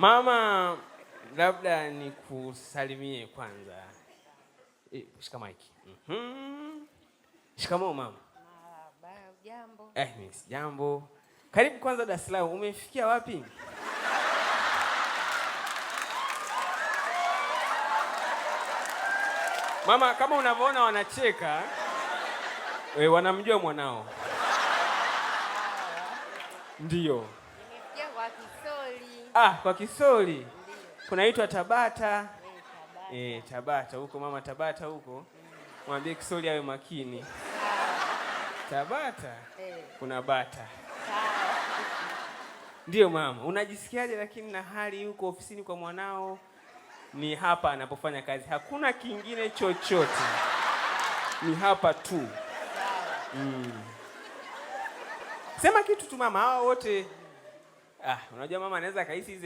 Mama, labda nikusalimie kwanza. E, shika maiki. Mm, shikamoo mama. jambo. Eh, mimi jambo. Karibu kwanza Dar es Umefikia wapi? Mama, kama unavyoona wanacheka, we, eh, wanamjua mwanao. Ndiyo. Pia kwa Kisoli. Ah, kwa Kisoli. Kunaitwa Tabata. E, Tabata. huko mama Tabata huko. Mwambie Kisoli awe makini. Tabata. E. Kuna bata. Ndiyo mama, unajisikiaje lakini na hali huko ofisini kwa mwanao? Ni hapa anapofanya kazi, hakuna kingine chochote, ni hapa tu. Mm. Sema kitu tu mama, hawa wote ah, uno llama manes de acá y